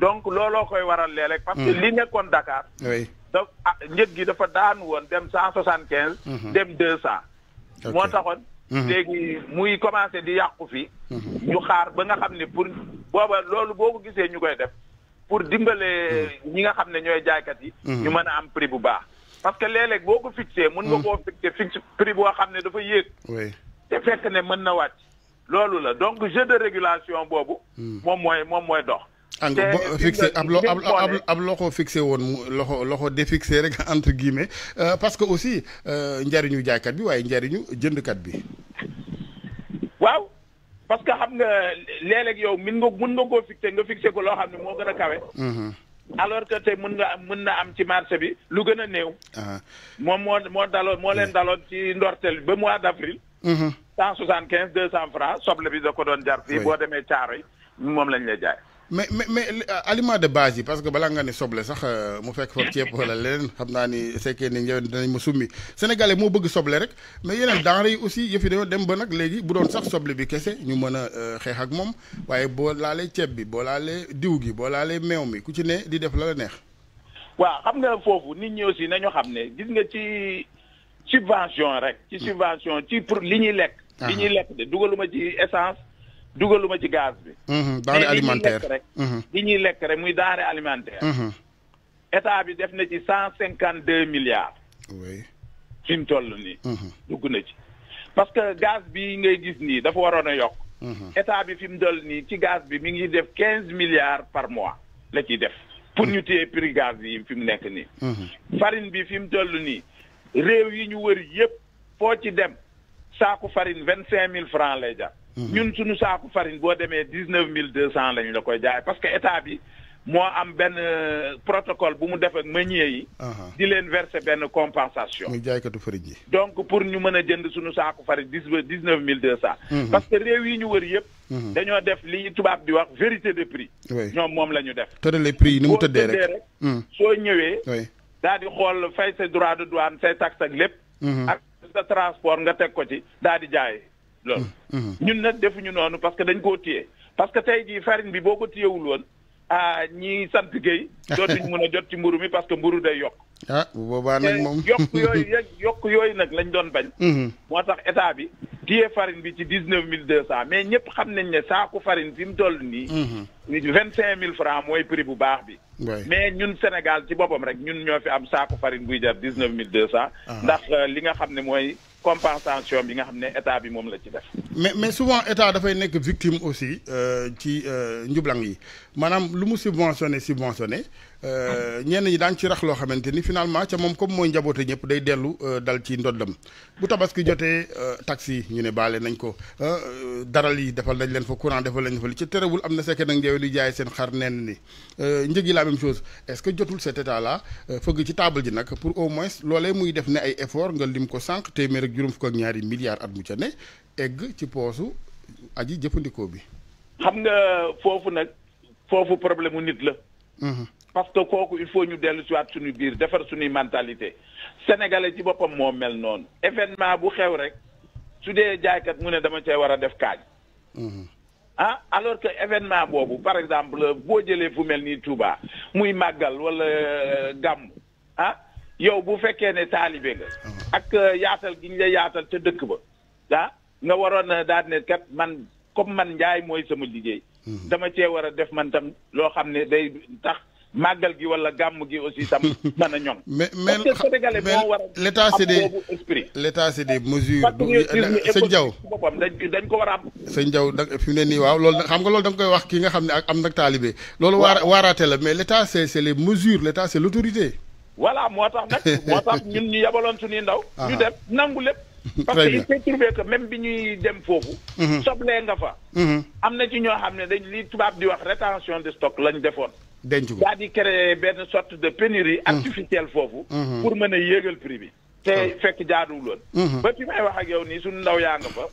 donc looloo koy waral léeg-léeg parce que mm. li nekkoon Dakar. oui da ah, njëg gi dafa daan woon dem 175 mm-hmm. dem 200 cent. moo taxoon. Mm-hmm. léegi muy commencé di yàqu fi. Mm-hmm. ñu xaar ba nga xam ne pour booba loolu boo ko gisee ñu koy def pour dimbale ñi nga xam ne ñooy jaaykat yi. ñu mën a am prix bu baax. parce que léeg-léeg boo ko fixé. mën nga mm. koo fixé fixe prix boo xam ne dafa yéeg. te fekk ne mën na wàcc. loolu la donc jeu de régulation boobu. Mm. moom mooy moom mooy dox engrais fixé ablo ablo ablo loxo fixé woon loxo loxo entre guillemets euh, parce que aussi euh, ndariñu jaaykat bi ndariñu jënd kat bi. waaw parce que xam nga léeg-léeg yow min nga mën nga koo fixé nga fixé ko lo xam mo gëna kawé mhm. alors que tay mën nga mën na am ci marché bi lu gëna a néew. Ah. moom mo moo mo len leen eh. ci ndortel ba mois d'avril, mhm. avril. 200 francs, quinze deux cent soble bi da ko doon jar fi bo démé caaro yi lañ lay jaay. mais mais mais euh, aliment de base yi parce que balaa nga ne soble sax euh, mu fekk fa ceeb wala leneen xam naa ni sekkee ni ñëw dinañ ma summi sénégalais moo bëgg soble rek mais yeneen denrées yi aussi yëf yi dañoo dem ba nag léegi bu doon sax soble bi kese ñu mën a euh, xeex ak moom waaye boo laalee ceeb bi boo laalee diw gi boo laalee meew mi ku ci nee di def la la neex. waaw xam nga foofu nit ñi aussi nañu xam ne gis nga ci subvention rek. ci hmm. subvention ci pour li ñuy lekk. Ah. ñuy lekk de dugaluma ci dugaluma ci gaz bi. Mhm, denrée alimentaire rek. Mhm. li ñuy lekk rek muy denrée alimentaire. Mhm. état bi def na ci cent cinquante deux milliards. oui fi mu toll nii. dugg na ci parce que gaz bi ngay gis nii dafa waroon a yokk. état bi fi mu toll nii ci gaz bi mi ngi def quinze milliards par mois la ciy def. pour ñu téye prix gaz yi fi mu nekk nii. farine bi fi mu toll nii réew yi ñu wër yëpp foo ci dem saaku farine vingt cinq mille francs lay jar. ñun suñu saaku farine boo demee dix neuf mille deux cent lañ la koy jaay parce que état bi moo am benn euh, protocole bu mu def ak meunier yi. Uh-huh. di leen verser benn compensation. muy jaaykatu farine yi. donc pour ñu mën a jënd suñu saaku farine dix dix neuf mille deux cent. Uh-huh. parce que réew yi ñu wër yëpp. Uh-huh. dañoo def li tubaab di wax vérité de prix. ñoom moom la ñu def. le prix yi ni mu tëddee rek hmm. soo ñëwee. daal di xool fay sa droit de douane say taxe ak lépp. ak sa nga teg ko ci daal di jaay. loolu mm-hmm. ñun nag defuñu noonu parce que dañ koo téye parce que tey ji farine bi boo ko téyewul woon ah ñi sant Guèye dootuñ mun a jot ci mburu mi parce que mburu day yokk ah moom yokk yooyu yokk yooyu nag lañ doon bañ mm-hmm. moo tax état bi téye farine bi ci dix-neuf mille deux cent mais ñëpp xam nañ ne saaku farine fi mu toll nii mm-hmm. vingt cinq mille francs mooy prix bu baax bi mais ñun Sénégal ci boppam rek ñun ñoo fi am saaku farine buy jar dix-neuf mille deux cent ah. ndax euh, li nga xam ne mooy compensation bi nga xamné état bi mom la ci def. mais mais souvent état da fay nek victime aussi euh ci euh, njublang yi manam lu mu subventionné subventionné. Euh, ñenn ñi daan ci rax loo xamante ni finalement ca moom comme mooy njaboote ñëpp day dellu euh, dal ci ndoddam bu tabaski jotee euh, taxi ñu ne baale nañ ko daral yi defal nañ leen fa courant defal nañ fa li ci terewul am na sekke nag ngeewe lu jaay seen xar nenn ni njëg yi la même chose est-ce que jotul cet état là fëgg ci table ji nag pour au moins loolee muy def ne ay effort nga lim ko sànq téeméer ak juróom fukk ak ñaari milliards at mu ca ne egg ci poosu aji jëfandikoo bi xam nga foofu nag foofu problème mu nit parce que il faut nous donner sur waat suñu biir dire mentalité sénégalais ci non. événement ne mm-hmm. ah, alors que événement par exemple vous les fu vous bas les magal vous wala les euh, ah yow bu qu'un mm-hmm. euh, ah, vous man comme man mm-hmm. war man tam magal gi wala gàmm gi aussi tam mën a mais mais l' état des l'état c'est des mesures. sëñ jaw dañ ko wara a am. sëñ Diaw da fi mu ne nii waaw loolu xam nga loolu dang koy wax ki nga xamni ak am nak talibé loolu waar la mais l'état c'est c' les mesures l'état c'est l'autorité est l' autorité. voilà moo tax nag ñun ñu yabalon suñuy ndaw. ñu ah. dem nangu lépp. parce que il s'est trouvé que même bi ñuy dem fofu mhm. soblee nga fa. Mhm. amna ci ñoo xam dañ li tubab di wax rétention de stock lañ defoon denc ko di créer benn sorte de pénurie hmm. artificielle foofu hmm. pour mën a yéegal prix bi te hmm. fekk jaaduwul woon ba fi may wax ak yow nii suñu ndaw yaa nga fa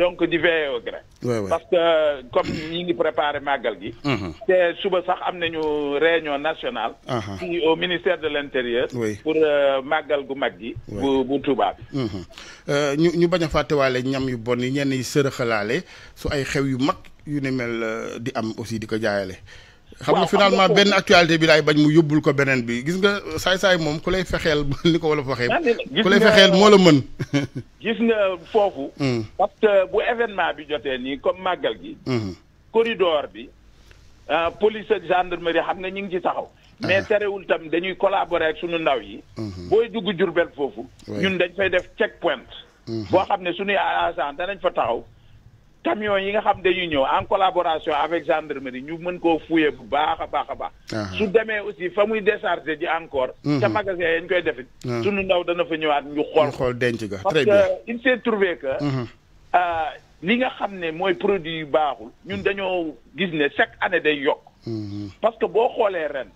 donc di veiller au grain parce que comme ñi ngi préparé màggal gi te suba sax am nañu réunion nationale uh-huh. fi au ministère de l'intérieur pour euh, màggal gu mag gi bu bu Tuubaa bi euh, ñu ñu bañ a fàttewaale ñam yu bon yi ñenn yi sërëxalaale su ay xew yu mag yu ne mel euh, di am aussi di ko jaayale xam nga finalement benn actualité bi laay bañ mu yóbbul ko beneen bi gis nga euh, saay-saay moom ku lay fexeel ni ko wolof waxee. ku lay fexeel moo la mën. gis nga foofu. Hmm. parce bu événement bi jotee nii comme màggal gi. Hmm. corridor bi. Euh, police ak gendarmerie xam nga ñu ngi ci taxaw. Ah. mais terewul tamit dañuy collaborer ak suñu ndaw yi. Hmm. booy dugg Jurbel foofu. ñun dañ fay def check point. boo xam ne suñuy agent danañ fa taxaw. camion yi nga xam dañuy ñëw en collaboration avec gendarmerie ñu mën koo fouiller bu baax a baax a baax. su demee aussi fa muy décharger di encore. Mhm. ca magasin yañ koy defit ah. sunu ndaw dana fa ñëwaat ñu xool. xool denc ga très bien parce que il s'est trouvé que. Mhm. Euh, li nga xam ne mooy produit yu baaxul ñun dañoo gis ne chaque année day yokk. Mhm. parce que boo xoolee ren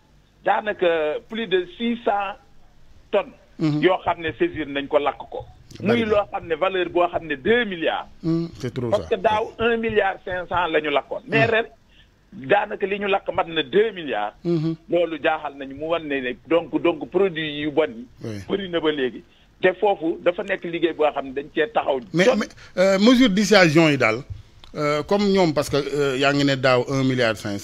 daanaka plus de 600 tonnes. yoo xam ne saisir nañ ko lakk ko muy loo xam ne valeur boo xam deux milliards. Hmm, c'est trop ça parce que daaw un milliard cinq la mais hmm. ren daanaka milliards. jaaxal mu donc donc produit yu bon mais euh, mesure mesure à yi euh, comme nous, parce que euh, ngi un milliard cinq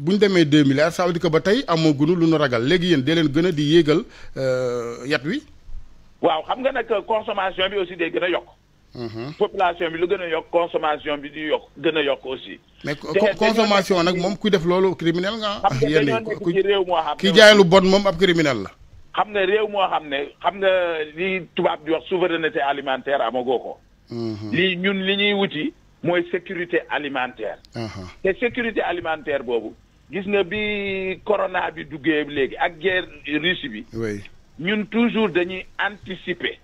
milliards ça veut dire que a waaw xam nga nag consommation bi aussi day gën a yokk. Mhm. population bi lu gën a yokk consommation bi di yokk gën a yokk aussi. mais consommation nag moom ku def loolu criminel nga ah. yéen a ki jaay lu bon moom ab criminel la. xam nga réew moo xam ne xam nga li tubaab di wax souveraineté alimentaire amagoo ko. Mhm. lii ñun li ñuy wuti mooy sécurité alimentaire. te sécurité alimentaire boobu gis nga bi corona bi duggee léegi ak guerre Russie bi. ñun toujours dañuy anticiper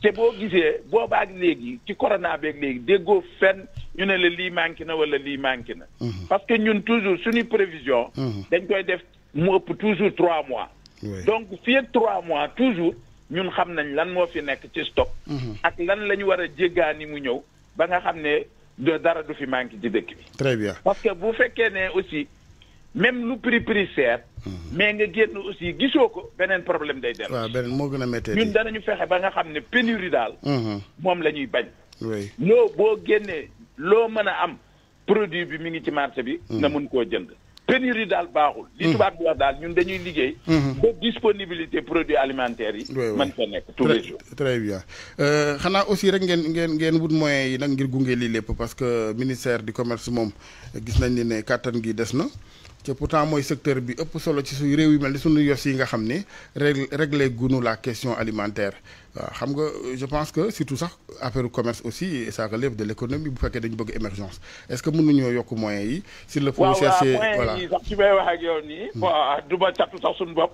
te boo gisee boobaak léegi ci corona beeg léegi déggoo fenn ñu ne la lii manqué na wala lii manqué na. Mhm. parce que ñun toujours suñu prévision. Mhm. dañ koy def mu pour toujours trois mois. donc fii trois mois toujours ñun xam nañ lan moo fi nekk ci stock. Mhm. ak lan la ñu war a jéggaani mu ñëw ba nga xam ne dara du fi manqué ci dëkk bi. très bien parce que bu fekkee ne aussi même nous prix prix seer. mais nga génn aussi gisoo benen problème day dem. waaw benen mo gëna a méttee ñun dañu fexé ba nga xamné ne pénurie daal. Mhm. moom la ñuy bañ. loo boo bo loo lo mëna am produit bi mi ngi ci marché bi. Mhm. na mën ko jënd. pénurie dal baaxul. li mhm. tubaab di wax dal ñun dañuy liggéey. ba disponibilité produits alimentaires yi. man fa nek tous les jours. très bien euh xana aussi rek ngeen ngeen ngeen wut moyens yi nag ngir gungé li lépp parce que ministère du commerce mom gis nañ ni né kàttan gi des na te pourtant mooy secteur bi ëpp solo ci suñu réew yi mel ni suñu yoss yi nga xamné régler gounou la question alimentaire xam nga je pense que surtout sax affaire commerce aussi et ça relève de l'économie bu fekkee dañu bëgg émergence est-ce que mënu ñoo yok moyens yi. sur le point chercher voilà sax ci may wax ak yow ni bon hmm. du ba chat sax suñu bop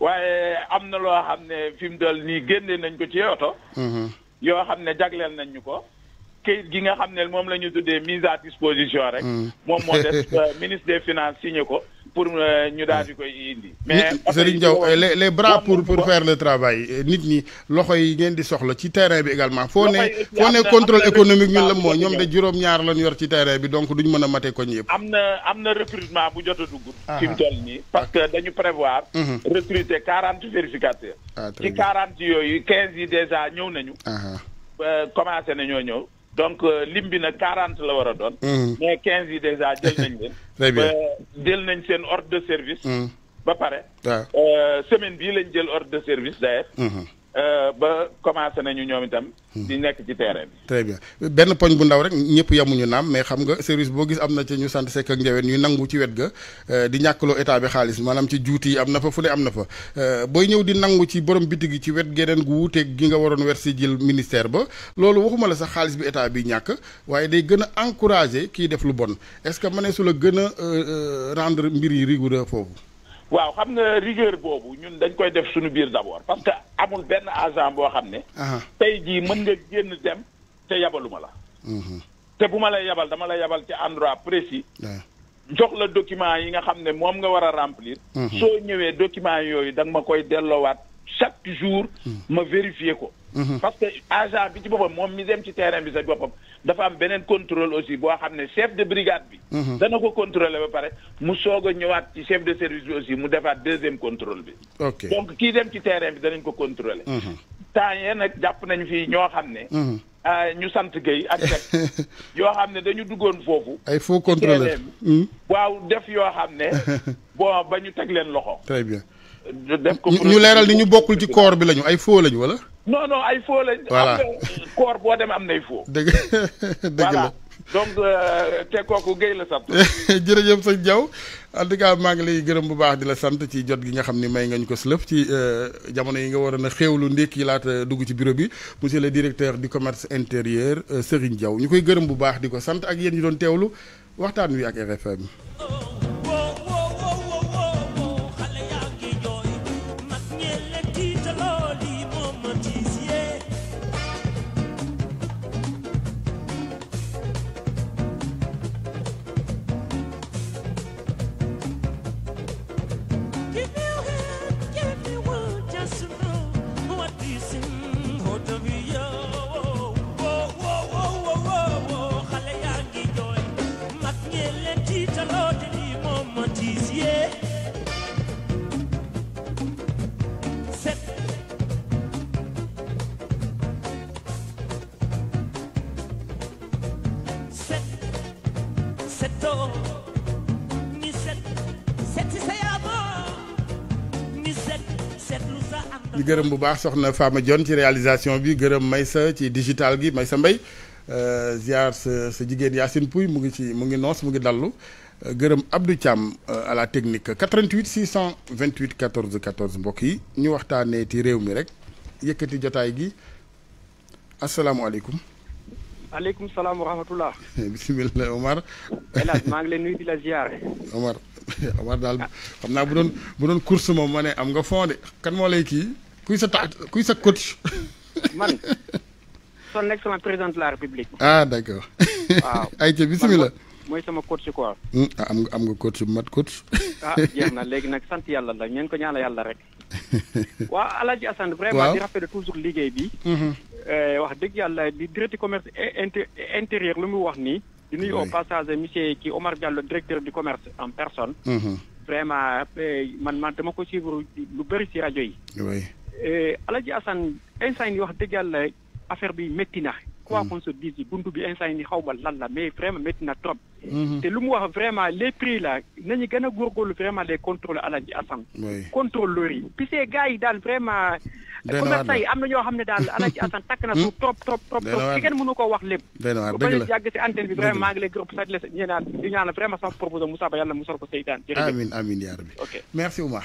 waaye amna lo xamné fim dal ni génne nañ ko ci auto hmm yo xamné jagleel nañ ñuko kayit gi nga xam ne moom la ñu tuddee mise à disposition rek. Hmm. moom moo des euh, ministre des finances signé ko pour euh, ñu daal di koy indi. mais Serigne Diaw euh, les les bras pour pour faire le travail nit ñi loxo yi ngeen di soxla ci terrain bi également. foo ne foo ne contrôle économique ñun la moo ñoom de juróom-ñaar lañ yor ci terrain bi donc ñu mën a mate koñ yëpp. am na am na recrutement bu jot a dugg. Ah. fi mu nii parce que dañu prévoir. Mm-hmm. recruter quarante vérificateurs. Ah, ci quarante yooyu quinze yi déjà ñëw nañu. Ah, commencé nañoo ñëw. donc euh, lim bi nag quarante la war a doon. Mm-hmm. mais quinze yi déjà jël nañ leen. très bien euh, jël nañ seen ordre de service. Mm-hmm. ba pare. Ah. Euh, semaine bii lañ jël ordre de service d'ailleurs. Mm-hmm. Euh, ba commencé nañu ñoom itam. Hmm. di nekk ci terrain bi. très bien benn poñ bu ndaw rek ñëpp yamuñu naam mais xam nga service boo gis am na ci ñu sant sekk ak njaween ñuy nangu ci wet ga euh, di ñàkkloo état bi xaalis maanaam ci juuti yi am na fa fu ne am na fa euh, booy ñëw di nangu ci borom bitig gi ci wet geneen gu wuuteeg gi nga waroon wer si jël ministère ba loolu waxuma la sax xaalis bi état bi ñàkk waaye day gën a encourager kiy def lu bon est-ce que mëneesu la gën a rendre mbir yi rigoureux foofu. waaw xam rigueur boobu ñun dañ koy def suñu biir parce que amul benn agent boo xam ne. tey jii génn dem yabaluma la. Mhm. lay yabal dama lay endroit précis. jox la document yi nga nga a remplir. Mhm. document chaque jour. me mhm. vérifier parce que agent bi ci terrain dafa am beneen contrôle aussi boo xam ne chef de brigade bi. Mhm. dana ko contrôler ba pare mu soog a ñëwaat ci chef de service bi aussi mu defaat deuxième contrôle bi. ok donc kii dem ci terrain bi danañ ko contrôler. Mhm. temps yii nag jàpp nañ fi ñoo xam ne. Mhm. Ah, ñu sant Guèye ak Seck yoo xam ne dañu duggoon foofu. ay faux contrôleur waaw def yoo xam ne. bon ba ñu teg leen loxo. très bien. def ko ñu leeral ni ñu bokkul ci corps bi lañu ay faux lañu wala. non non ay faux voilà am na koor boo demee am nay faux. dëgg dëgg la donc euh, te kooku géy la sant. jërëjëf sëñ Diaw en maa ngi lay gërëm bu baax di la sant ci jot gi nga xam ni may ngañ ko slëf ci euh, jamono yi nga war a na xéewlu ndékki laata dugg ci bureau bi monsieur le directeur du commerce intérieur euh, Serigne jaw ñu koy gërëm bu baax di ko sant ak yéen ñi doon teewlu waxtaan wi ak RFM. gërëm bu baax soxna Fama Dione ci réalisation bi gërëm Maysa ci digital gi Maysa euh ziar ce sa jigéen Yacine Pouy mu ngi ci mu ngi noos mu ngi euh, Abdou Thiam euh, à la technique 88 628 14 14 mbokk yi ñu waxtaanee ci réew mi rek yëkkati jotaay gi asalaamualeykum. alaykum salaam wa rahmatullah. Bismillah Omar. El Hadj ngi leen nuyu di la ziare. Omar Omar dal. xamna naa bu doon bu doon course mom mané am nga fond kan lay kuy sa taat kuy sa coach. man son excellent président de la république. ah d' accord. waaw ayca bisimilah. mooy sama coach quoi. Hmm, ah am nga am nga coach bu mat coach. ah jeex na léegi nag sant yàlla la ñeen ko ñaan yàlla rek. waaw Alaaji Assane vraiment di rafetlu toujours liggéey bi. Mm-hmm. Eh, wax dëgg yàlla di direct commerce intérieur lu mu wax nii. di nuyu au passage monsieur kii Omar Diallo directeur du commerce en personne. Mm-hmm. vraiment eh, man man dama ko suivre lu bëri si rajo yi. Eh, Alaji Assane instant yi wax dëgg yàlla affaire bi métti na. quoi qu'on se dise buntu bi instant yi xaw ma lan la mais vraiment métti na trop. Mhm. te lu mu wax vraiment les prix là nañu gën a góorgóorlu vraiment les contrôles Alaji Assane. contrôleurs yi. puisque gars yi daal vraiment. commerçant yi am na ñoo xam ne daal Alaji Assane takk na suuf hmm? trop trop trop. trop si kenn mënu ko wax lépp. dëgg la dëgg la yàgg si antenne bi vraiment maa ngi lay gërëm sax di la ñaan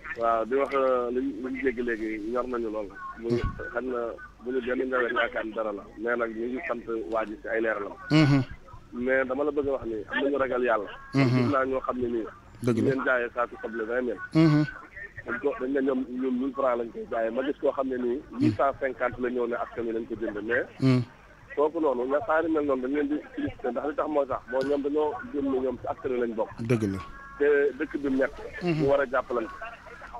waaw di wax euh, li ñu dégg léegi ñor nañu lool. mu xam na bu ñu benn nawet yaakaar dara la. mais nag ñu ngi sant waa ji si ay leeralam. Mhm. mais dama la bëgg a wax ni am nañu ragal yàlla. Mhm. la leen jaayee saako soble vingt mille. Mhm. dañ ko dañ ne ñoom ñoom mille franc lañ koy jaayee ma gis koo xam ne nii. huit cent cinquante la ñëw ne askan wi lañ ko jënd mais. kooku noonu nga saari mel noonu dañ leen di félicité ndax li tax moo tax moo ñoom dañoo jëm ñoom si askan wi lañ bokk. dëgg la te dëkk bi mu mu war a jàppalante.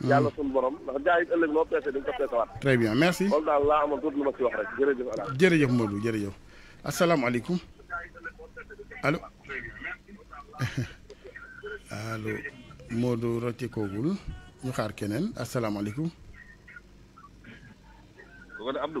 Mm-hmm. yàlla suñu borom ndax jaay it ëllëg loo peese dañ ko peesewaat. très bien merci loolu daal laa amoon tuuti lu ma ci wax rek jëf Alla. jërëjëf Modou jërëjëf asalaamaaleykum allo allo Modou roccekoogul ñu xaar keneen asalaamaaleykum. kooku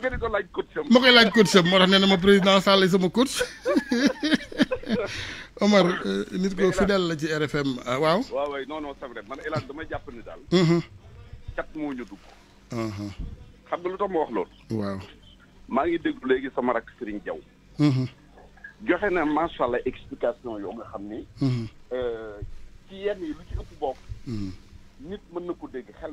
nga di ko laaj coach sam ma koy laaj coach sam moo tax nee na ma président sama Omar euh, nit ko fidèle la ci RFM euh, waaw. waaw waay non non c'est vrai man El dama jàpp mm-hmm. cat moo ñu dugg. Uh-huh. xam nga lu tax ma wax loolu. sama rak mm-hmm. joxe na macha allah explication yoo nga xam ni. Mm-hmm. Euh, ci yenn yi lu ci ëpp nit mën na ko dégg xel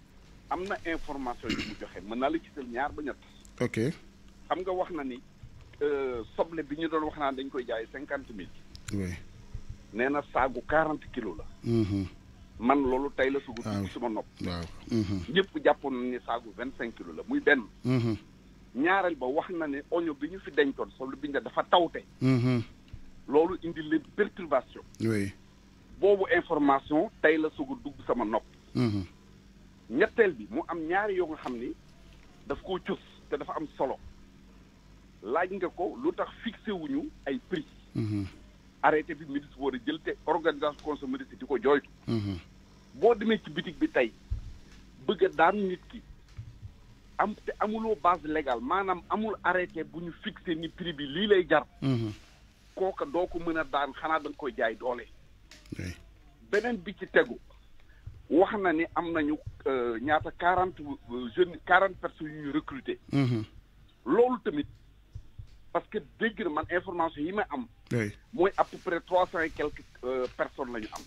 amna information yu mu joxe mën naa la gisal ñaar ba ñett. ok xam nga wax na ni euh, soble bi ñu doon wax naan dañ koy jaay cinquante mille. oui nee na saagu quarante kilos la. Mm-hmm. man loolu tay la sugu dugg suma nopp waaw mm-hmm. ñëpp jàppoon na ni saagu 25 kilo la muy benn mm-hmm. ñaareel ba wax na ne oño bi ñu fi dencoon soble bi ñu dafa tawte loolu indi le perturbation oui boobu information tay la sugu dugg sama nopp ñetteel bi mu am ñaari yoo nga xam ni daf ko cus te dafa am solo laaj nga ko lu tax fixé wuñu ay prix mhm. arrêté bi ministre war a jël te organisation consommatrice di ko jooytu mhm. boo demee ci bitig bi tey bëgg daan nit ki am te amuloo base légale maanaam amul arrêté bu ñu fixé ni prix bi lii lay jar mhm. kooka doo ko mën a daan xanaa danga nga koy jaay doole beneen bi ci tegu wax na ni am nañu euh, ñaata quarante euh, jeunes quarante personnes yu ñu recruter. Mhm. loolu tamit parce que dégg na man information yi ma am. mooy à peu près trois cent et quelques euh, personnes lañu am.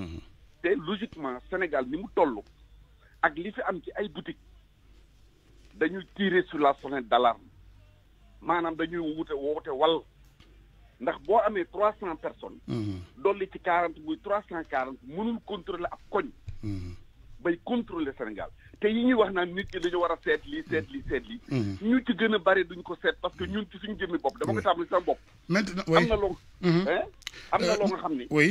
Mhm. te logiquement Sénégal ni mu toll ak li fi am ci ay boutiques dañu tirer sur la sonnette d'alarme maanaam dañuy wute woote wal ndax boo amee trois cent personnes. Mhm. dolli ci quarante muy trois cent quarante mënul contrôler ak koñ. Mm-hmm. bay contrôler Sénégal te yi ñuy wax naan nit ki dañu war a seet lii seet lii seet lii. Mm-hmm. ñu ci gën a bare duñ ko seet parce que mm-hmm. ñun ci suñu jëmmi bopp dama ko tàmbali sama bopp. maintenant am na loo. am na loo nga xam ni. Euh,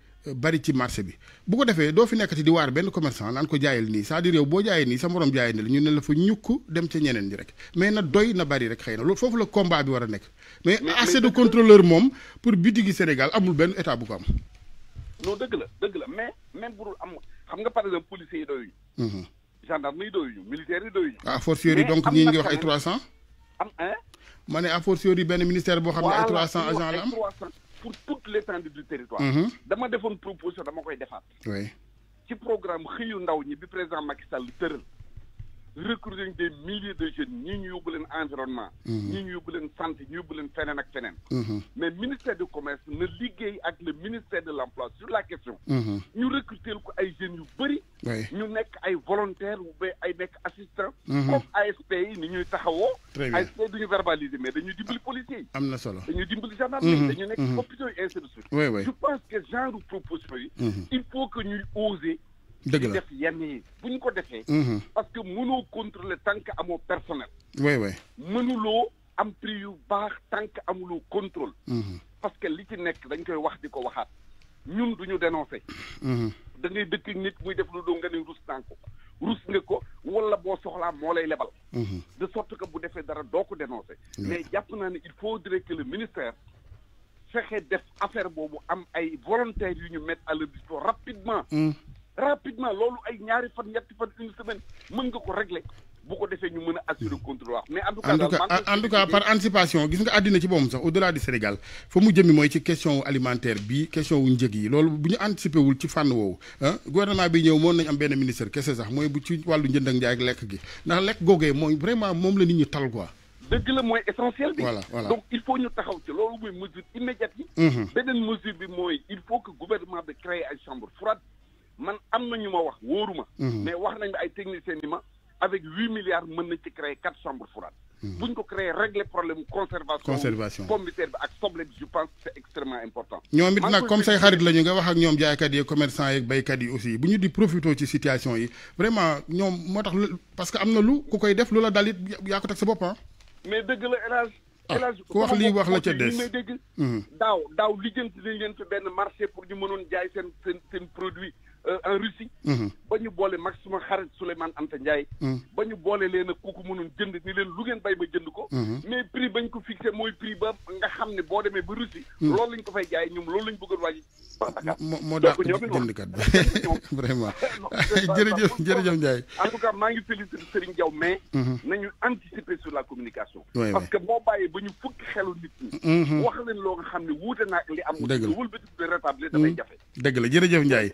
bari ci marché bi bu ko defee doo fi nekkati di waar benn commerçant naan ko jaayal nii c'est-à-dire yow boo jaayee nii sa morom jaayee nii la ñu ne la fa ñukk dem ca ñeneen ñi rek mais na doy na bari rek xëy na loolu foofu la combat bi war a nekk mais assez de contrôleur moom pour biti Sénégal amul benn état bu ko am non dëgg la dëgg la mais même bu am xam nga par exemple policiers yi doyuñu mhm. gendarme yi doyuñu militaires yi doyuñu ah fortiori donc ñii ngi wax ay 300. am un ma ne a fortiori benn ministère boo xam ne ay 300 agents la am pour tout toute l'étendue du territoire. Mhm. dama defoon proposition dama koy defaat. oui ci programme xëyu ndaw ñi bi président Macky Sall tëral. recruter des milliers de jeunes ni nous voulons leen environnement. ni mhm. voulons santé nous voulons leen faire ak fenen. Mhm. mais ministère du commerce ne ligue avec le ministère de l'Emploi sur la question. Nous mhm. recruter ko jeunes nous sommes ñu volontaires ou ay nekk assistants, comme ASP nous sommes ñuy taxawoo. ASP du ñu verbaliser mais sommes des policiers Nous sommes des solo nous sommes des nekk hôpitaux ainsi de suite. je pense que genre proposition il faut que nous osions deug la def yenn yi buñ ko defee. Mhm. parce que mënoo contrôler tant que amoo personnel. oui oui mënuloo am prix yu baax tant que amuloo contrôle. Mhm. parce que li ci nekk dañ koy wax di ko waxaat ñun duñu ñu dénoncé. Mhm. da ngay dëkk nit muy def lu doo nga ne rus naa ko rus nga ko wala boo soxlaa moo lay lebal. de sorte que bu defee dara doo ko dénoncé. mais jàpp naa ne il faudrait que le ministère fexe def affaire boobu am ay volontaires yu ñu mettre à le disposition rapidement. rapidement loolu ay ñaari fan ñetti fan une semaine mën nga ko régler bu ko defee ñu mën a assurer hmm. contrôle wax mais en tout cas en tout cas par anticipation gis nga àddina ci boppam sax au delà Sénégal fa mu jëmi mooy ci question alimentaire bi question wu njëg yi loolu bu ñu anticipé wul ci fànn woowu ah gouvernement bi ñëw moon nañ am benn ministre kese sax mooy bu ci wàllu njënd ak njaay ak lekk gi ndax lekk googee mooy vraiment moom la nit ñi tal dëgg hmm. faut que gouvernement bi crée ay man am na ñu ma wax wóoruma mhm. mais wax nañ ay techniciens ni ma avec huit milliards mën na ci créer quatre chambres froides mhm. bu ñu ko créer régler problème conservation conservation pomme terre bi ak soble bi je pense que c'est extrêmement important ñoom it nag comme say xarit la ñu nga wax ak ñoom jaaykat yi commerçant yi béykat yi aussi bu ñu di profité ci situation yi vraiment ñoom moo tax parce que am na lu ku koy def lu la dalit yaa ko teg sa bopp ah. mais dëgg la El Hadj ah, ku wax lii wax la ca des may mhm. daaw daaw lijjanti nañ leen fi benn marché pour ñu mënoon jaay seen seen seen produit Euh, en Russie. Mhm. ba ñu boole Max suma xarit Souleymane Anta Ndiaye. Mhm. ba ñu boole leen ak ku ko mënoon jënd ni leen lu ngeen bay ba jënd ko. Mhm. mais prix bañ ko fixé mooy prix ba nga xam ne boo demee ba Russie. loolu lañ ko fay jaay ñoom loolu lañ bëggoon waaj. moo moo daal jëndkat bi vraiment jërëjëf jërëjëf Ndiaye. en tout maa ngi félicité Serigne Diaw mais. nañu anticiper sur la communication. parce que boo bàyyee ba ñu fukki xelu nit ñi. wax leen loo nga xam ne wuute naa ak li am. dëgg la wëlbati bi rétablir dafay jafe. dëgg la jërëjëf Ndiaye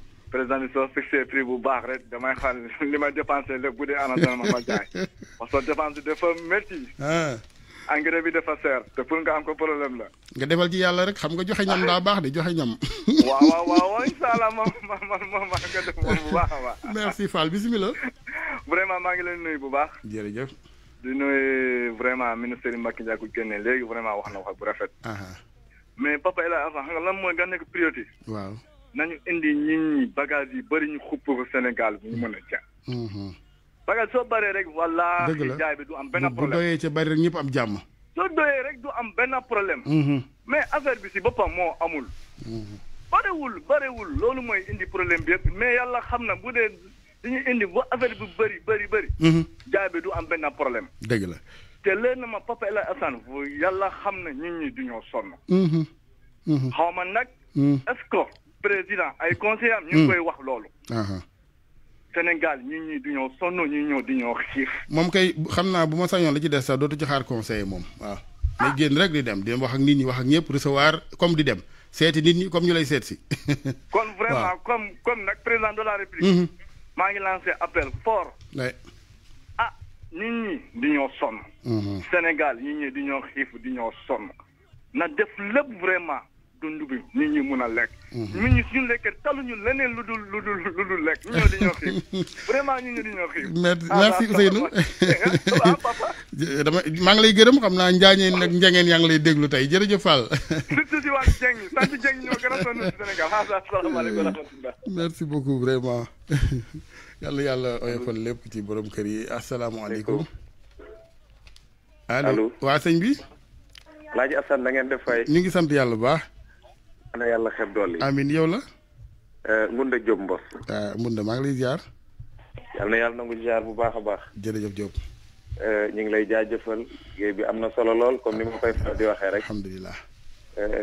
président bi soo fixé prix bu baax rek damay xaar li ma dépensé lépp bu dee ANACIM ma ma jaay parce que dépense bi dafa métti. Ah. engrais bi dafa seer. te pour nga am ko problème la. nga defal ci yàlla rek xam nga joxe ñam daa baax de joxe ñam. waaw waaw waaw incha allah moom man moom maa ngi baax a baax. merci Fall bisimilah. vraiment maa ngi leen nuyu bu baax. jërëjëf. di nuyu vraiment ministère yi Mbacke Ndiaye ku génne léegi vraiment wax na wax bu rafet. Ah, ah. mais papa El Hadj Assane xam nga lan mooy nga nekk priorité. waaw. nañu indi nit ñi yi bëri ñu xupp ko Sénégal bu ñu mën a jàng. Mhm. bagage soo bëree rek wala. jaay bi du am benn problème bu doyee ca bëri rek ñëpp am jàmm. soo rek du am benn problème. Mhm. mais affaire bi si boppam moo amul. Mhm. barewul barewul loolu mooy indi problème bi yëpp mais yàlla xam na bu dee dañuy indi bu affaire bi bëri bëri bëri. jaay bi du am benn problème. dëgg la te leen na ma Papa El Hadj Assane yàlla xam na nit ñi du ñoo sonn. xaw ma nag. président ay conseillers am. ñu hmm. ngi koy wax loolu. Sénégal ñun ñii du ñoo sonn ñun ñoo du ñoo xiif. moom kay xam naa bu ma sañoon la ci des sax dootu ci xaar conseiller moom waaw. ah génn di dem di wax ak nit ñi wax ak ñëpp recevoir comme di dem seeti nit ñi comme ñu lay seet si. kon vraiment comme comme nag président de la république. Hmm. maa ngi lancé appel fort. ah nit ñi di ñoo sonn. Hmm. Sénégal ñun ñii di ñoo xiif di ñoo sonn. na def lépp vraiment. dund bi nit ñi mun a lekk. Mhm. nit ñu suñu lekkee taluñu leneen lu dul lu dul lu dul lekk ñu ñoo di dama maa ngi lay gërëm xam naa njaañeen nag njangeen yaa ngi lay déglu tey jërëjëf Fall. surtout si waa Dieng sant Dieng ñoo a sonn ah, vraiment yàlla yàlla oyofal lépp ci boroom kër yi asalaamaaleykum. allo allo waa sëñ bi. Laaji Assane da ngeen def fay. ngi sant yàlla bu baax. ana yàlla xeb dool yi amin yow la eh, Ngunda Diop Mbos eh, Ngunda maa ngi lay ziar yal na yàlla nangu bu baax a baax jërëjëf Diop eh, ñu ngi lay jaajëfal liggéey bi am na solo lool comme ni ma koy faral di waxee rek alhamdulilah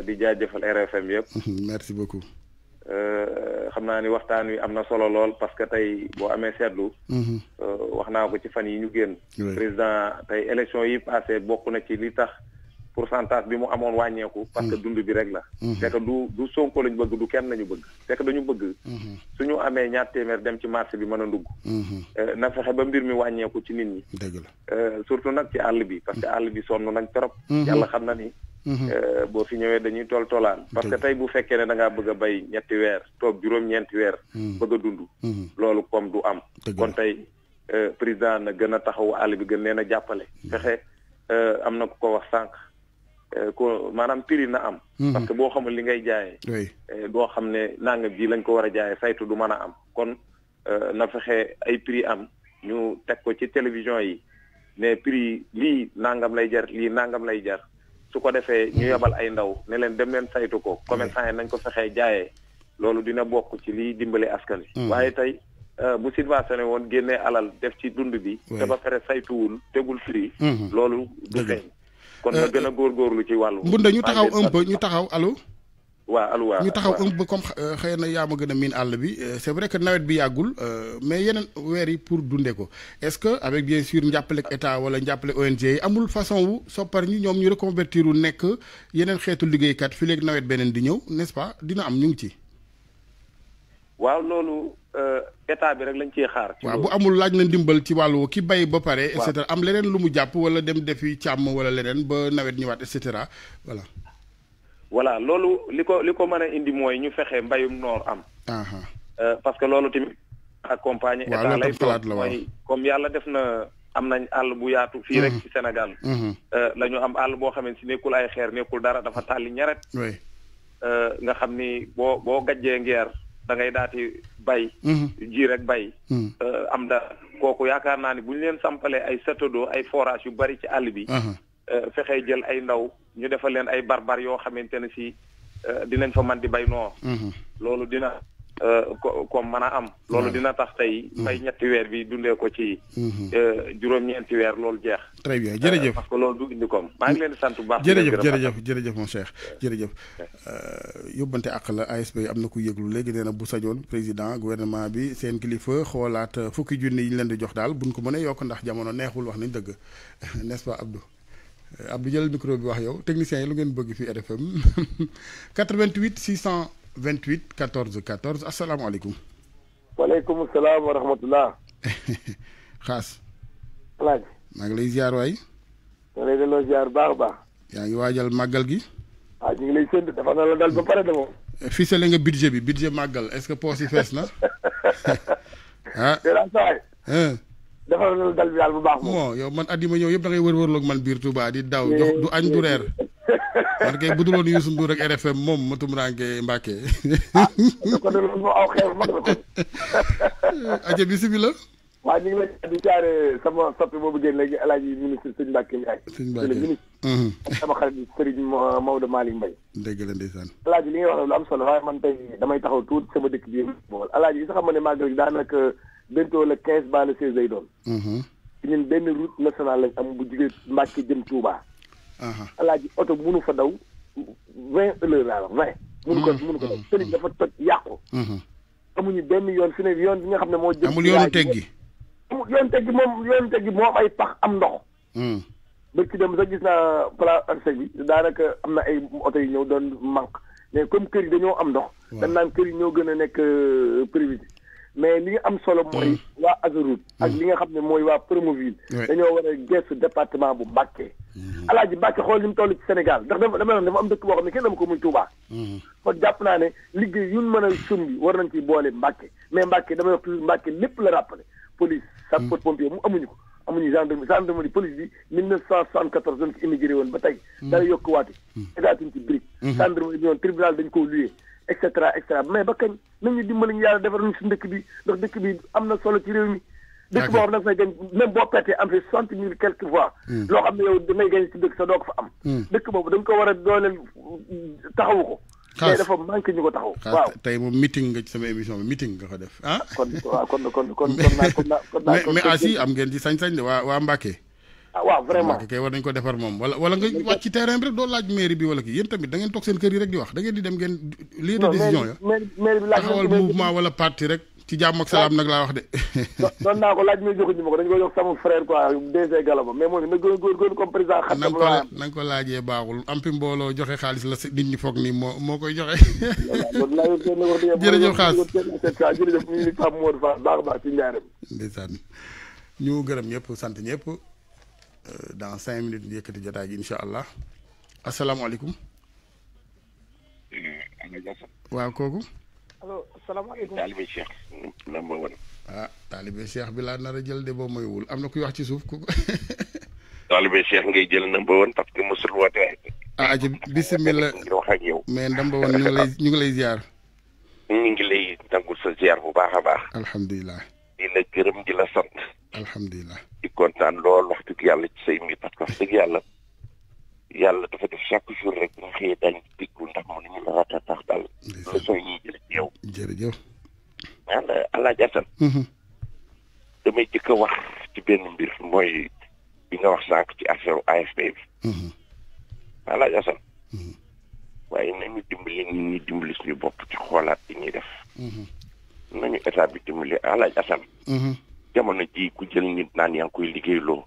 di jaajëfal RFM yëpp merci beaucoup xam naa ni waxtaan wi am na solo lool parce que tey boo amee seetlu mhm. wax naa ko ci fan yi ñu génn président tey élection yi passé bokk na ci li tax pourcentage bi mu amone wàññeeku. parce que mm-hmm. dund bi rek la. Mm-hmm. c'est que du du sonko lañu bëgg du kenn lañu bëgg. c'est que dañu bëgg. Mm-hmm. suñu amé ñaar téeméer dem ci marché bi mëna a ndugg. Euh, na fexé ba mbir mi wàññeeku ci nit ñi. dëgg la euh, surtout nak ci all bi parce que all bi sonu nañ torop yalla xam na ni. Euh, bo fi ñëwé dañuy tol toolaan parce que tay bu fekkee né da nga bëgg bay ñetti wër toog juroom ñeenti wër bëgg dund. loolu kom du am. kon tay euh président na gëna taxaw all bi gën leen jappalé fexé fexe am ko wax sank Euh, ko maanaam prix na am. Mhm. parce que boo xamul li ngay jaayee. doo euh, xam ne nangam ji lañ ko war a jaayee saytu du mën a am kon euh, na fexe ay prix am ñu teg ko ci télévision yi ne prix lii nangam lay jar lii nangam lay jar su ko defee ñu mhm. yebal ay ndaw ne leen dem leen saytu ko. commerçant yi nañ ko fexe jaaye loolu dina bokk ci liy dimbale askan wi. Mhm. waaye tey bu subventionné woon génnee alal def ci dund bi. te ba pare saytuwul tegul prix. loolu du feeñ. kon na euh, gën a góorgóorlu ci wàllu. mbunda ñu taxaw un ñu taxaw alo waaw allo waaw ñu taxaw un peu comme euh, xëy na yaa ma gën a miin àll bi euh, c'est vrai que nawet bi yàggul mais yeneen weer yi pour dundee ko est-ce que avec bien sûr njàppale état wala njàppale ONG yi amul façon wu soppar ñi ñoom ñu reconvertir wu nekk yeneen xeetu liggéeykat fi léegi nawet beneen di ñëw n'est-ce pas dina am ñu ngi ci. waaw loolu euh, état bi rek lañ cee xaar. waaw bu amul laaj na ndimbal ci wàllu ki bay ba pare. et cetera am leneen lu mu jàpp wala dem defi càmm wala leneen ba nawet ñëwaat et cetera voilà. loolu li ko li ko mën a indi mooy ñu fexe mbayum noor am. Euh, parce que loolu tamit accompagner. état lay toog mooy comme yàlla def na am nañ àll bu yaatu. fii rek ci Sénégal. Euh, la ñu am àll boo xamante ni nekkul ay xeer nekkul dara dafa tàlli ñaret. nga xam ni boo boo gajjee ngeer. da ngay daati bay mm-hmm. ji rek bay mm-hmm. euh, am da kooku yaakaar naa ni bu ñu leen sampalee ay satadoo ay forage yu bari ci àll bi mm-hmm. euh, fexee jël ay ndaw ñu defal leen ay barbar yoo xamante ne si euh, dinañ fa man di bay noo loolu dina Eh, ko mën a am loolu hmm. dina tax tey hmm. fay ñetti weer bi dundee ko ci hmm. eh, juróom-ñeenti weer loolu jeex très bien jërëjëf eh, parce que loolu du indi kom maa ngi leen di sant bu baax jërëjëf jërëjëf jërëjëf mon cheikh jërëjëf yóbbante àq la ASP am na ku yëglu léegi nee na bu sañoon président gouvernement bi seen kilifa xoolaat fukki junni yi ñu leen di jox daal buñ ko mënee yokk ndax jamono neexul wax nañ dëgg n'est-ce pas Abdou Abdou jël micro bi wax yow technicien yi lu ngeen bëgg fi RFM 88 600 28 14 14 wa alaikum salaam wa rahmatullah. khas laaj. maa lay ziar way maa ngi lay delloo ziar bax bax ya ngi waajal magal gi. a ah, ngi lay séntu dafa na la dal ba pare de moom. Eh, nga budget bi budget magal est-ce que poos yi fees na. ah say saa eh. dafa na la dal bi dal bu bax mo yow man adima ñew yeb da ngay wër lok man bir Touba di daw. jox du agn du rer man kay budul woon Youssou Ndour ak RFM moom ma tumuraanke Mbàkke. ah kon loolu moom aw xew mag la kon. aja bisimilah. waaw ñu ngi lay di jaare sama soppi boobu génn léegi El Hadj ministre Sëñ Mbacke Ndiaye. Sëñ Mbacke ministre. Mhm. sama xarit Serigne Maodo Malick Mbaye. dëgg la ndeysaan. El Hadj li ngay wax lu am solo waaye man tey damay taxaw tuut sama dëkk bi bool El Hadj yi sax xam ne màggal gi daanaka bentoo la quinze ba le seize lay doon. Mhm. ñun benn route nationale lañ am bu jugee Mbacke jëm Touba. Uh-huh. alaaji oto mënu fa daw vingt heures laa wax vingt. mënu ko uh-huh. mënu ko daw uh-huh. sëñ bi dafa toj yàqu. amuñu benn yoon fi ne yoon bi nga xam ne moo. jëm amul yoonu teggi. amul yoonu teggi moom yoonu teggi moom ay pax am ndox. Hmm. bëgg ci dem sax gis naa plat arsec bi daanaka am na ay oto yu ñëw doon manque mais comme kër yi dañoo am ndox. dañ naan kër yi ñoo gën a nekk euh, privé. mais li nga am solo mooy. Hmm. waa Ageroute. ak hmm. li nga xam ne mooy waa Promoville. dañoo war a gëstu département bu Mbacké. Mhm. alaaji Mbàkke xool ni mu toll ci Sénégal ndax dafa dama dafa am dëkk boo xam ne kenn dama ko muy Touba. Mhm. kon jàpp naa ne liggéey yu ñu a sumb war nañ ciy boole Mbàkke mais Mbàkke damay wax toujours Mbàkke lépp la rappelé police. Mhm. sapeur pompier mu amuñu ko amuñu gendarmerie gendarmerie police bi 1974 dañ ko immigré woon ba tey. dara yokkuwaate. tegaatuñ ci brique. gendarmerie bi noonu tribunal dañ koo luyee. et cetera et mais ba kañ nañu dimbali ñu yàlla defar bi ndax dëkk bi am solo ci réew dëkk boo xam da nga fay gañ même boo pertee am fi hmm. loo xam ne yow damay gañ ci dëkk sa doo fa am. Hmm. dëkk boobu da nga ko war a dooleel taxawu ko. xaas tey dafa manqué ñu moom meeting nga ci sama émission bi nga ko def ah. kon waaw kon kon am ngeen di sañ-sañ de waa waa Mbacke. ah waaw vraiment kay war nañu ko defar moom wala wala nga wàcc ci terrain bi rek doo laaj mairie bi wala kii yéen tamit da ngeen toog seen kër yi rek di wax da ngeen di dem ngeen. lii de décision ya taxawal mouvement wala parti rek ci jàmm ak salaam nag laa wax de. doon naa ko laaj mi joxuñu ma ko dañu koy jox sama frère quoi DG Galama mais moom it nag na nga ko laajee baaxul am fi mbooloo joxe xaalis la nit ñi foog nii moo moo koy joxe. jërëjëf xaas jërëjëf ñu ngi Pape Mor Fall baax a baax ci njaaram. ndeysaan ñu gërëm ñëpp sant ñëpp euh, dans cinq minutes ñu yëkkati jotaay gi incha allah asalaamaaleykum. Eh, waaw kooku. salaamaaleykum taalibe Cheikh number one ah taalibe Cheikh bi laa nar a jël de boo moywul am na kuy wax ci suuf ku taalibe Cheikh ngay jël number one parce que mosul woote ah aji ah, bismillah mais number one ñu lay ñu lay ziar ñu ngi lay nangul sa ziar bu baax baax alhamdulilah di la gërëm di la sant alhamdulilah di kontaan lool wax dëgg yàlla ci say mbir parce que wax dëgg yàlla yàlla dafa def chaque jour rek ñu dañ ndax ñu la rata tax jël yow. jërëjëf. Asan. Mm-hmm. damay jëkk a wax ci benn mbir mooy bi nga wax ci bi. Mm-hmm. Alaaji Asan. Mm-hmm. waaye nañu dimbali nit ñi dimbali suñu bopp ci xoolaat li ñuy def. nañu état bi dimbali Alaaji Asan. jamono ji ku jël nit naan yaa ngi koy liggéeyloo.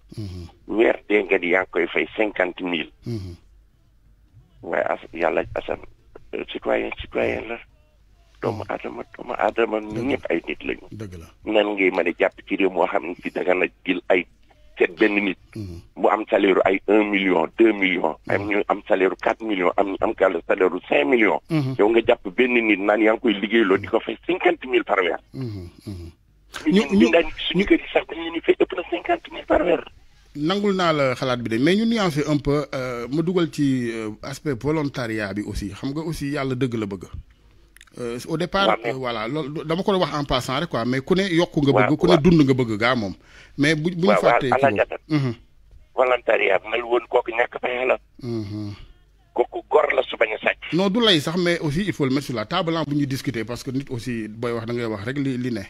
weer dee nga di yaa koy fay cinquante mille. waaye as yàlla Asan euh, citoyen citoyen la. doomu ay nit lañu nan ngay ci réew xam da na mm-hmm. million deux million, mm-hmm. am ñu am salaire am am cinq million, mm-hmm. yow nga nit koy nangul naa la xalaat bi de mais ñu nuancer un peu euh, ma duggal ci euh, aspect volontariat bi aussi xam nga aussi yalla deug la bëgg Euh, au départ euh, voilà loolu dama ko wax en passant rek quoi mais ku ne yokk nga bëgg ku ne dund nga bëgg gaa moom mais bu bu ñu fàttee ci mhm. volontariat mel mhm. su bañ a sàcc non du lay sax mais aussi il faut le mettre sur la bu ñuy discuter parce que nit aussi booy wax da ngay wax rek li li ne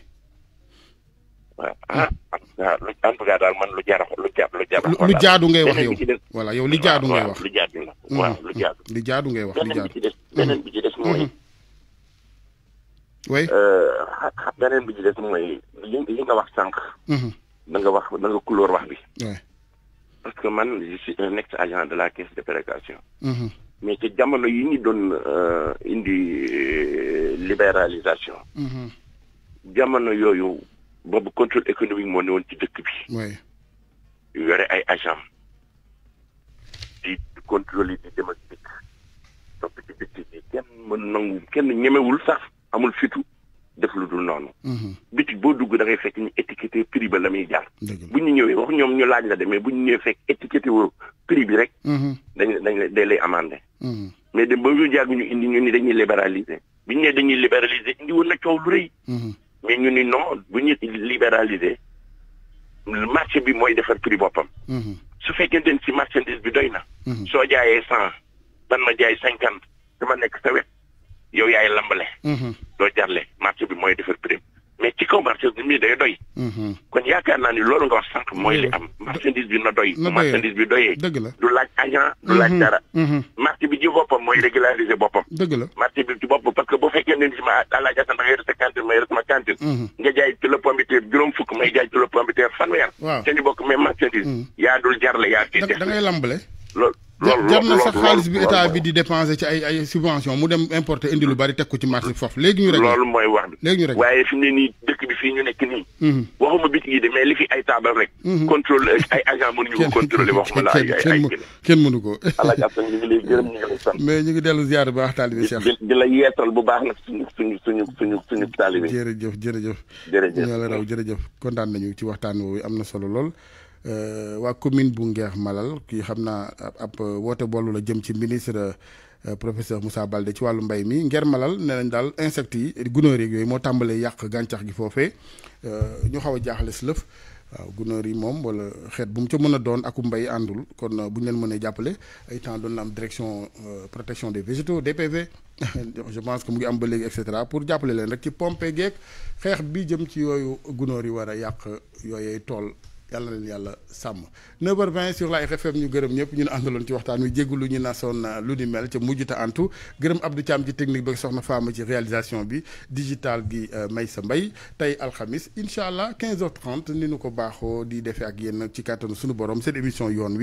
waaw ah, ah, daal man lu jaar lu jaar lu jaar jaadu ngay wax yow yow li jaadu ngay wax lu jaadu la waaw mhm. lu jaadu ngay wax li jaadu oui euh, beneen bi ci des mooy li li nga wax sànq. na mhm. nga wax na nga couleur wax bi. parce que man je suis un ex agent de la caisse de péréquation. Mhm. mais ci jamono yi ñu doon euh, indi euh, libéralisation. Mhm. jamono yooyu boobu contrôle économique moo ne woon ci dëkk bi. yore ay agents. di contrôler di dem ak kenn mën nangu kenn ñemewul sax. amul fitu def lu dul noonu. Mhm. bitig boo dugg da ngay fekk ñu étiqueté prix ba la muy jaar. bu ñu ñëwee wax ñoom ñu laaj la de mais bu ñu ñëwee fekk étiqueté woo prix bi rek. Mhm. dañ dañ day lay amandé. Mhm. mais dem ba ñu indi ñu ni dañuy libéraliser bu ñu nee dañuy libéraliser indi woon na coow lu rëy. mais ñu ni non bu ñu libéraliser marché bi mooy defar prix boppam. su fekkee si ci marchandise bi doy na. soo jaayee cent ban ma jaay cinquante dama nekk sa wet. yow yaay lambale. Mhm. doo jarle marché bi mooy defar prix mais ci kaw marché bi day doy. Mhm. kon yaakaar naa ni loolu nga wax sànq mooy li am. marchandise bi na doy. marchandise bi doyee. dëgg la du laaj agent du laaj mhm. dara. marché bi ci boppam mooy régulariser boppam. dëgg la marché bi ci boppam parce que bu fekkee ne ci ma àllaa ah, jàpp da ngay yor sa cantine ma yor sama cantine. nga jaay kilo pomme de terre juróom fukk may jaay kilo te ñu bokk même marchandise. yaa dul jarle yaa ciy jar na sax xaalis bi état bi di dépenser ci ay ay subvention mu dem importer indi lu bari teg ko ci marché foofu léegi ñu rek loolu mooy wax bi léegi ñu rek waaye fi mu ne nii dëkk bi fii ñu nekk nii mhm. waxuma biti yi de mais li fi ay taabal rek mhm. contrôle ay agent mënuñu ko contrôler waxuma la ay ay kenn mënu ko ala jàppan ñu ngi lay gërëm ñu ngi lay sant mais ñu ngi dellu ziar bu baax taalibi Cheikh di la yeetal bu baax nag suñu suñu suñu suñu suñu taalibi jërëjëf jërëjëf jërëjëf yàlla raw jërëjëf kontaan nañu ci waxtaan woowu am na solo lool Euh, Wa commune bu Nguer Malal Ki xam naa ab euh, la jëm ci ministre euh, professeur Moussa Baldé ci walu mbay mi Nguer Malal nee nañ daal insectes yi gunóor yeeg yooyu moo tàmbalee yàq gàncax gi foofee ñu xawa jaxlé jaaxle si wala xet bu mu ci mëna doon aku mbay andul kon bu leen mënee ay temps doon am direction protection des végétaux DPV je pense que mu ngi am ba et pour jàppale leen rek ci pompe Gek, xeex bi jëm ci yooyu gunóor yi war a yalla len yalla sam 9h20 sur la RFM ñu gërëm ñëpp ñu andalon ci waxtaan wi jéggu lu ñu nasoon euh, lu ni mel ci ca ta antu gërëm Abdou Thiam ci technique bi soxna Fama ci réalisation bi digital gi euh, may sa mbay tey alxamis incha 15h30 ni ñu ko baxo di défé ak yéen ci carton suñu borom seen émission yoon